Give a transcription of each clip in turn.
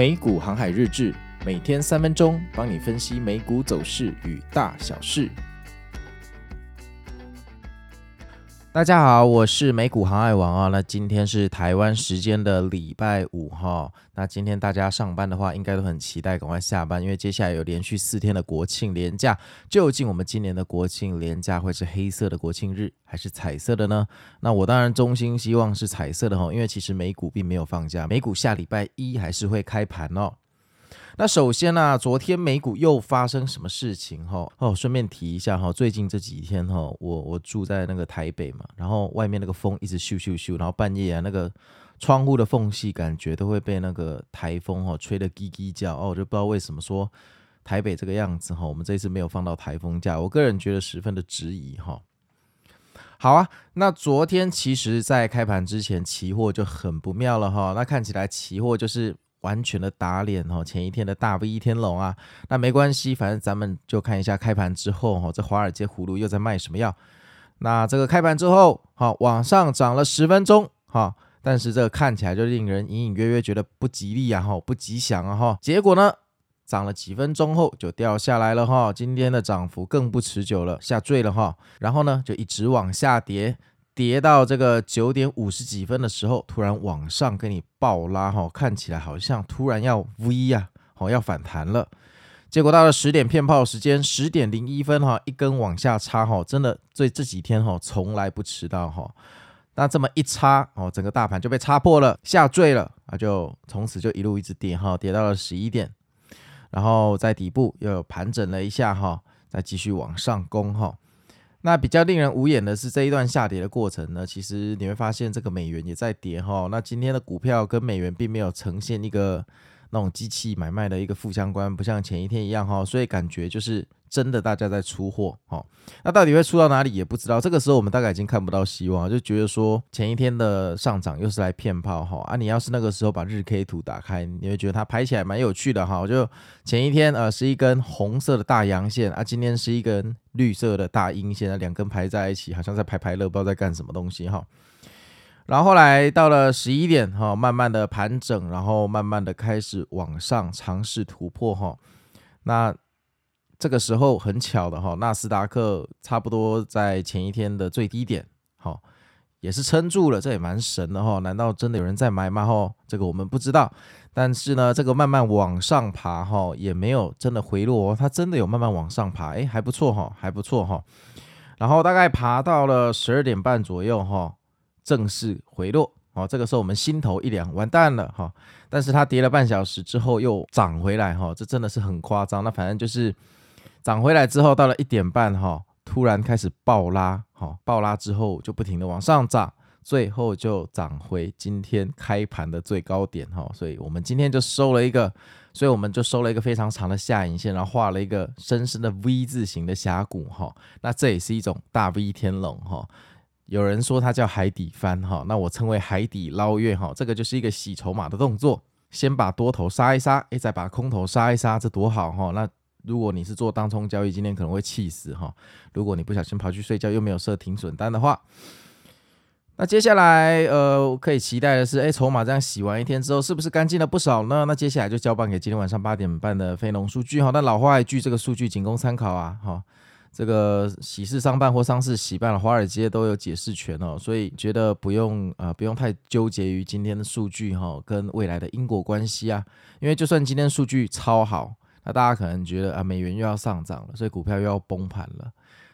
美股航海日誌，每天三分鐘，幫你分析美股走勢與大小事。大家好，我是美股行海王啊。那今天是台灣時間的禮拜五哈。那今天大家上班的話，應該都很期待趕快下班，因為接下來有連續四天的國慶連假。究竟我們今年的國慶連假會是黑色的國慶日，還是彩色的呢？那我當然衷心希望是彩色的哈，因為其實美股並沒有放假，美股下禮拜一還是會開盤哦。那首先呢，啊，昨天美股又發生什麼事情哈？哦，順便提一下哈，最近這幾天哈，我我住在那個台北嘛，然後外面那個風一直咻咻咻，然後半夜啊那個窗戶的縫隙感覺都會被那個台風哈吹得嘰嘰叫哦，我就不知道為什麼說台北這個樣子哈，我們這一次沒有放到台風假，我個人覺得十分的質疑哈。好啊，那昨天其實在開盤之前，期貨就很不妙了哈，那看起來期貨就是。完全的打臉哦！前一天的大威天龍啊，那沒關係，反正咱們就看一下開盤之後哈，這華爾街葫蘆又在賣什麼藥？那這個開盤之後哈，往上漲了十分鐘哈，但是這個看起來就令人隱隱約約覺得不吉利啊哈，不吉祥啊哈，結果呢，漲了幾分鐘後就掉下來了哈，今天的漲幅更不持久了，下墜了哈，然後呢就一直往下跌。跌到這個九點五十幾分的時候，突然往上給你暴拉哈，看起來好像突然要 V 啊，好要反彈了。結果到了十點騙炮時間，十點零一分哈，一根往下插哈，真的這這幾天哈從來不遲到哈。那這麼一插哦，整個大盤就被插破了，下墜了啊，就從此就一路一直跌哈，跌到了十一點，然後在底部又盤整了一下哈，再繼續往上攻哈。那比較令人無言的是這一段下跌的過程呢，其實你會發現這個美元也在跌哈，那今天的股票跟美元並沒有呈現一個。那種機器買賣的一個負相關，不像前一天一樣哈，所以感覺就是真的，大家在出貨哈。那到底會出到哪裡也不知道。這個時候我們大概已經看不到希望，就覺得說前一天的上漲又是來騙炮哈。啊，你要是那個時候把日 K 圖打開，你會覺得它排起來蠻有趣的哈。我就前一天呃是一根紅色的大陽線啊，今天是一根綠色的大陰線，啊，兩根排在一起，好像在排排樂，不知道在幹什麼東西哈。然後後來到了十一點哈、哦，慢慢的盤整，然後慢慢的開始往上嘗試突破哈、哦。那這個時候很巧的哈，納斯達克差不多在前一天的最低點哈、哦，也是撐住了，這也蠻神的哈、哦。難道真的有人在買嗎？哈、哦，這個我們不知道。但是呢，這個慢慢往上爬哈、哦，也沒有真的回落、哦，它真的有慢慢往上爬，誒，還不錯哈，還不錯哈、哦。然後大概爬到了十二點半左右哈。哦正式回落，好，這個時候我們心頭一涼，完蛋了哈。但是它跌了半小時之後又漲回來哈，這真的是很誇張。那反正就是漲回來之後，到了一點半哈，突然開始暴拉，哈，暴拉之後就不停地往上漲，最後就漲回今天開盤的最高點哈。所以我們今天就收了一個，所以我們就收了一個非常長的下影線，然後畫了一個深深的 V 字形的峽谷哈。那這也是一種大 V 天龍哈。有人說它叫海底翻哈，那我稱為海底撈月哈，這個就是一個洗籌碼的動作，先把多頭殺一殺，誒，再把空頭殺一殺，這多好哈。那如果你是做當沖交易，今天可能會氣死哈。如果你不小心跑去睡覺又沒有設停損單的話，那接下來呃我可以期待的是，哎，籌碼這樣洗完一天之後，是不是乾淨了不少呢？那接下來就交棒給今天晚上八點半的非農數據哈。那老話一句，這個數據僅供參考啊哈。這個喜事上辦或喪事喜辦，華爾街都有解釋權哦，所以覺得不用啊、呃，不用太糾結於今天的數據哈、哦，跟未來的因果關係啊。因為就算今天數據超好，那大家可能覺得啊、呃，美元又要上漲了，所以股票又要崩盤了。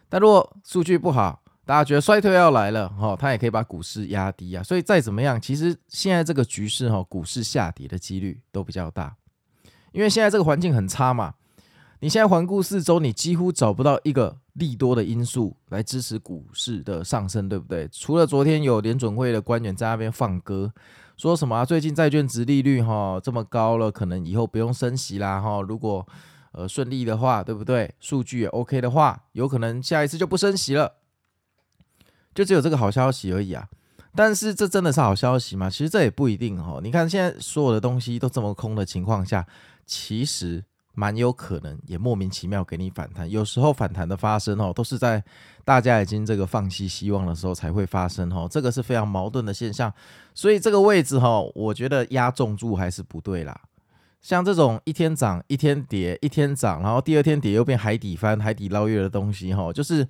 但如果數據不好，大家覺得衰退要來了，哈、哦，它也可以把股市壓低啊。所以再怎麼樣，其實現在這個局勢哈、哦，股市下跌的幾率都比較大，因為現在這個環境很差嘛。你現在環顧四周，你幾乎找不到一個利多的因素來支持股市的上升，對不對？除了昨天有聯準會的官員在那邊放歌，說什麼、啊、最近債券殖利率哈、哦、這麼高了，可能以後不用升息啦哈、哦。如果呃順利的話，對不對？數據也 OK 的話，有可能下一次就不升息了，就只有這個好消息而已啊。但是這真的是好消息嗎？其實這也不一定哈、哦。你看現在所有的東西都這麼空的情況下，其實。蠻有可能也莫名其妙給你反彈，有時候反彈的發生哦，都是在大家已經這個放棄希望的時候才會發生吼、哦，這個是非常矛盾的現象。所以這個位置吼、哦，我覺得壓重注還是不對啦。像這種一天漲一天跌，一天漲，一天漲然後第二天跌又變海底翻、海底撈月的東西吼、哦，就是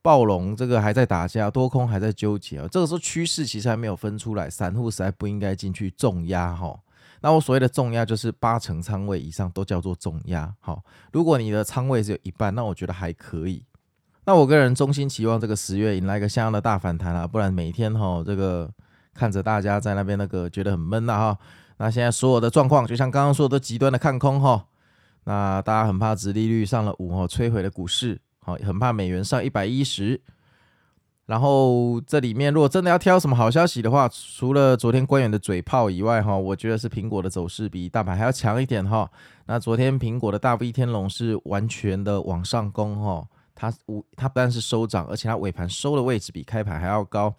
暴龍這個還在打架，多空還在糾結啊、哦，這個時候趨勢其實還沒有分出來，散戶實在不應該進去重壓哈、哦。那我所謂的重壓就是八成倉位以上都叫做重壓、哦,如果你的倉位只有一半，那我覺得還可以。那我個人衷心期望這個十月迎來一個像樣的大反彈啊，不然每天哈、哦,這個看着大家在那邊那個覺得很悶吶、啊、哈、哦。那現在所有的狀況就像剛剛說的，都極端的看空哈、哦。那大家很怕殖利率上了五哈、哦，摧毀了股市，好、哦，很怕美元上一百一十。然後這裡面如果真的要挑什麼好消息的話，除了昨天官員的嘴炮以外，哈，我覺得是蘋果的走勢比大盤還要強一點，哈。那昨天蘋果的大 V 天龍是完全的往上攻，哈，它它不但是收漲，而且它尾盤收的位置比開盤還要高，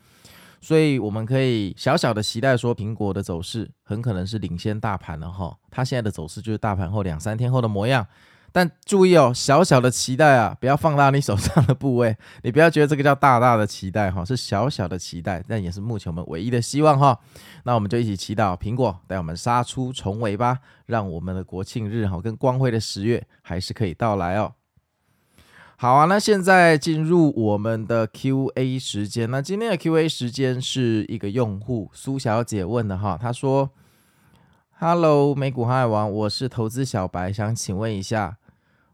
所以我們可以小小的期待說，蘋果的走勢很可能是領先大盤了，哈。它現在的走勢就是大盤後兩三天後的模樣。但注意哦，小小的期待啊，不要放大你手上的部位。你不要覺得這個叫大大的期待哈，是小小的期待，但也是目前我們唯一的希望哈。那我們就一起祈禱蘋果帶我們殺出重圍吧，讓我們的國慶日好跟光輝的十月還是可以到來哦。好啊，那現在進入我們的 Q&A 時間。那今天的 Q&A 時間是一個用戶蘇小姐問的哈，她說：“Hello 美股航海王，我是投資小白，想請問一下。”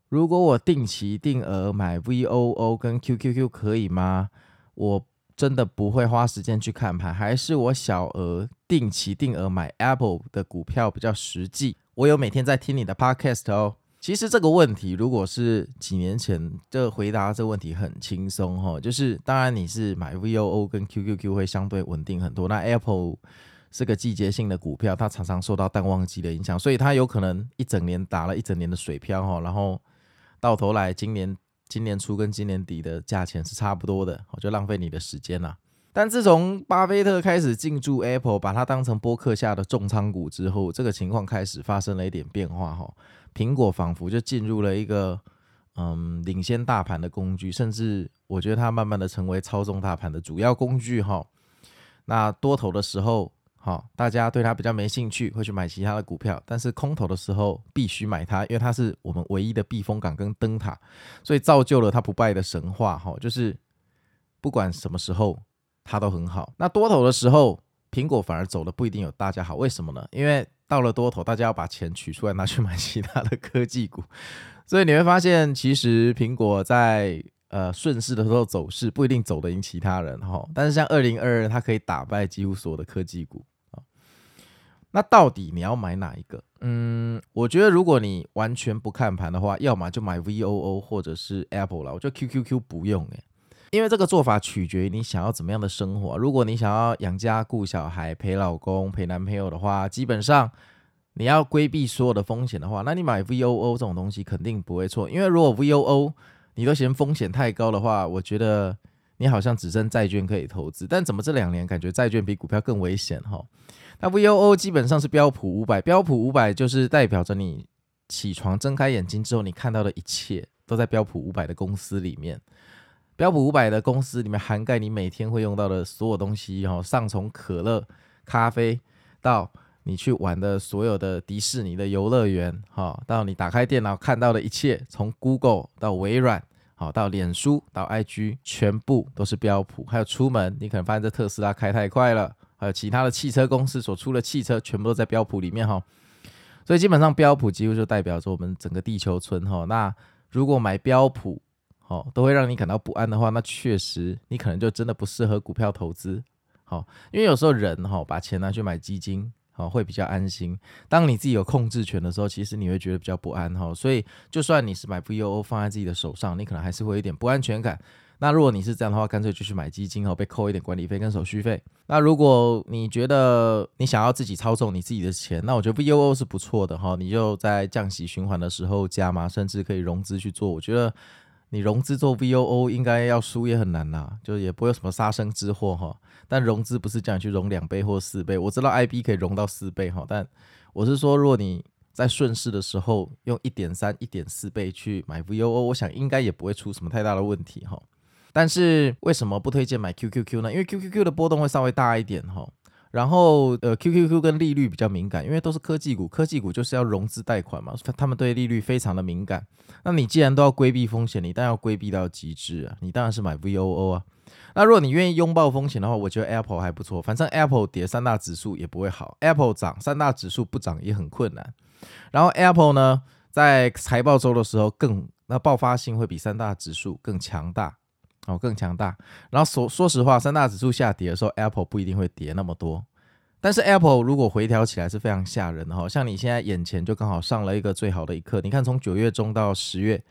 如果我定期定額買 VOO 跟 QQQ 可以嗎？我真的不會花時間去看盤，還是我小額定期定額買 Apple 的股票比較實際？我有每天在聽你的 Podcast 哦。其實這個問題，如果是幾年前，這回答這問題很輕鬆哦。就是當然你是買 VOO 跟 QQQ 會相對穩定很多，那 Apple 是個季節性的股票，它常常受到淡旺季的影響，所以它有可能一整年打了一整年的水漂哦。然後。到頭來，今年今年初跟今年底的價錢是差不多的，我就浪費你的時間了啊。但自從巴菲特開始進駐 Apple，把它當成波克夏的重倉股之後，這個情況開始發生了一點變化哈。蘋果仿佛就進入了一個嗯領先大盤的工具，甚至我覺得它慢慢的成為操縱大盤的主要工具哈。那多頭的時候。好，大家對它比較沒興趣，會去買其他的股票。但是空頭的時候必須買它，因為它是我們唯一的避風港跟燈塔，所以造就了它不敗的神話。哈，就是不管什麼時候它都很好。那多頭的時候，蘋果反而走的不一定有大家好，為什麼呢？因為到了多頭，大家要把錢取出來拿去買其他的科技股，所以你會發現，其實蘋果在呃順勢的時候走勢不一定走得贏其他人。哈，但是像2022，它可以打敗幾乎所有的科技股。那到底你要買哪一個？嗯，我覺得如果你完全不看盤的話，要麼就買 VOO 或者是 Apple 啦。我覺得 QQQ 不用哎、欸，因為這個做法取決於你想要怎麼樣的生活。如果你想要養家、顧小孩、陪老公、陪男朋友的話，基本上你要規避所有的風險的話，那你買 VOO 這種東西肯定不會錯。因為如果 VOO 你都嫌風險太高的話，我覺得。你好像只剩債券可以投資，但怎麼這兩年感覺債券比股票更危險哈？那 V O O 基本上是標普五百，標普五百就是代表着你起床睜開眼睛之後，你看到的一切都在標普五百的公司裡面。標普五百的公司裡面涵蓋你每天會用到的所有東西，然後上從可樂、咖啡到你去玩的所有的迪士尼的遊樂園，哈，到你打開電腦看到的一切，從 Google 到微軟。好，到臉書，到 IG，全部都是標普，還有出門，你可能發現這特斯拉開太快了，還有其他的汽車公司所出的汽車，全部都在標普裡面哈。所以基本上標普幾乎就代表着我們整個地球村哈。那如果買標普，都會讓你感到不安的話，那確實你可能就真的不適合股票投資。好，因為有時候人哈把錢拿去買基金。啊，會比較安心。當你自己有控制權的時候，其實你會覺得比較不安哈。所以，就算你是買 VOO 放在自己的手上，你可能還是會有一點不安全感。那如果你是這樣的話，乾脆就去買基金哦，被扣一點管理費跟手續費。那如果你覺得你想要自己操縱你自己的錢，那我覺得 VOO 是不錯的哈。你就在降息循環的時候加碼，甚至可以融資去做。我覺得。你融資做 V O O 應該要輸也很難吶、啊，就也不會有什麼殺身之禍哈。但融資不是叫你去融兩倍或四倍，我知道 I B 可以融到四倍哈，但我是說，如果你在順勢的時候用一點三、一點四倍去買 V O O，我想應該也不會出什麼太大的問題哈。但是為什麼不推薦買 Q Q Q 呢？因為 Q Q Q 的波動會稍微大一點哈。然後，呃，QQQ 跟利率比較敏感，因為都是科技股，科技股就是要融資貸款嘛，他們對利率非常的敏感。那你既然都要規避風險，你當然要規避到極致啊，你當然是買 VOO 啊。那如果你願意擁抱風險的話，我覺得 Apple 還不錯。反正 Apple 跌，三大指數也不會好，Apple 漲，三大指數不漲也很困難。然後 Apple 呢，在財報周的時候更，那爆發性會比三大指數更強大。哦，更強大。然後說說實話，三大指數下跌的時候，Apple 不一定會跌那麼多。但是 Apple 如果回調起來是非常嚇人的哈，像你現在眼前就剛好上了一個最好的一課。你看，從九月中到十月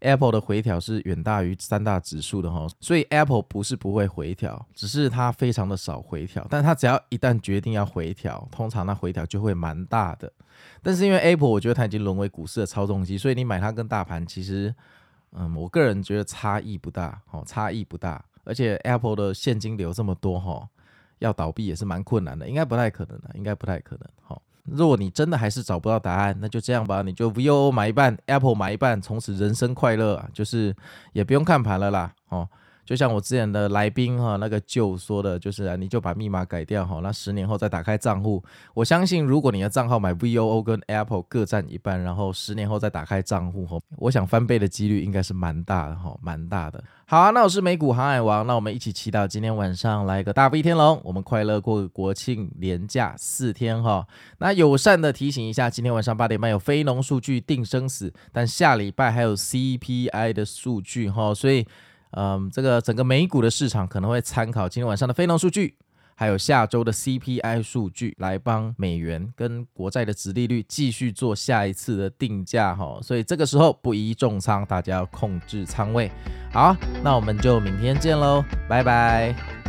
，Apple 的回調是遠大於三大指數的哈。所以 Apple 不是不會回調，只是它非常的少回調。但它只要一旦決定要回調，通常它回調就會蠻大的。但是因為 Apple 我覺得它已經淪為股市的操縱機，所以你買它跟大盤其實。嗯，我個人覺得差異不大，哈，差異不大，而且 Apple 的現金流這麼多，哈，要倒閉也是蠻困難的，應該不太可能的，應該不太可能，哈、哦。如果你真的還是找不到答案，那就這樣吧，你就 VOO 買一半，Apple 買一半，從此人生快樂，就是也不用看盤了啦，哦。就像我之前的來賓哈，那個舅說的，就是啊，你就把密碼改掉哈，那十年後再打開賬戶。我相信，如果你的賬號買 V O O 跟 Apple 各占一半，然後十年後再打開賬戶哈，我想翻倍的幾率應該是蠻大的哈，蠻大的。好啊，那我是美股航海王，那我們一起祈禱今天晚上來個大飛天龍，我們快樂過國慶連假四天哈。那友善的提醒一下，今天晚上八點半有非農數據定生死，但下禮拜還有 C P I 的數據哈，所以。嗯，這個整個美股的市場可能會參考今天晚上的非農數據，還有下周的 CPI 數據，來幫美元跟國債的殖利率繼續做下一次的定價哈。所以這個時候不宜重倉，大家要控制倉位。好，那我們就明天見嘍，拜拜。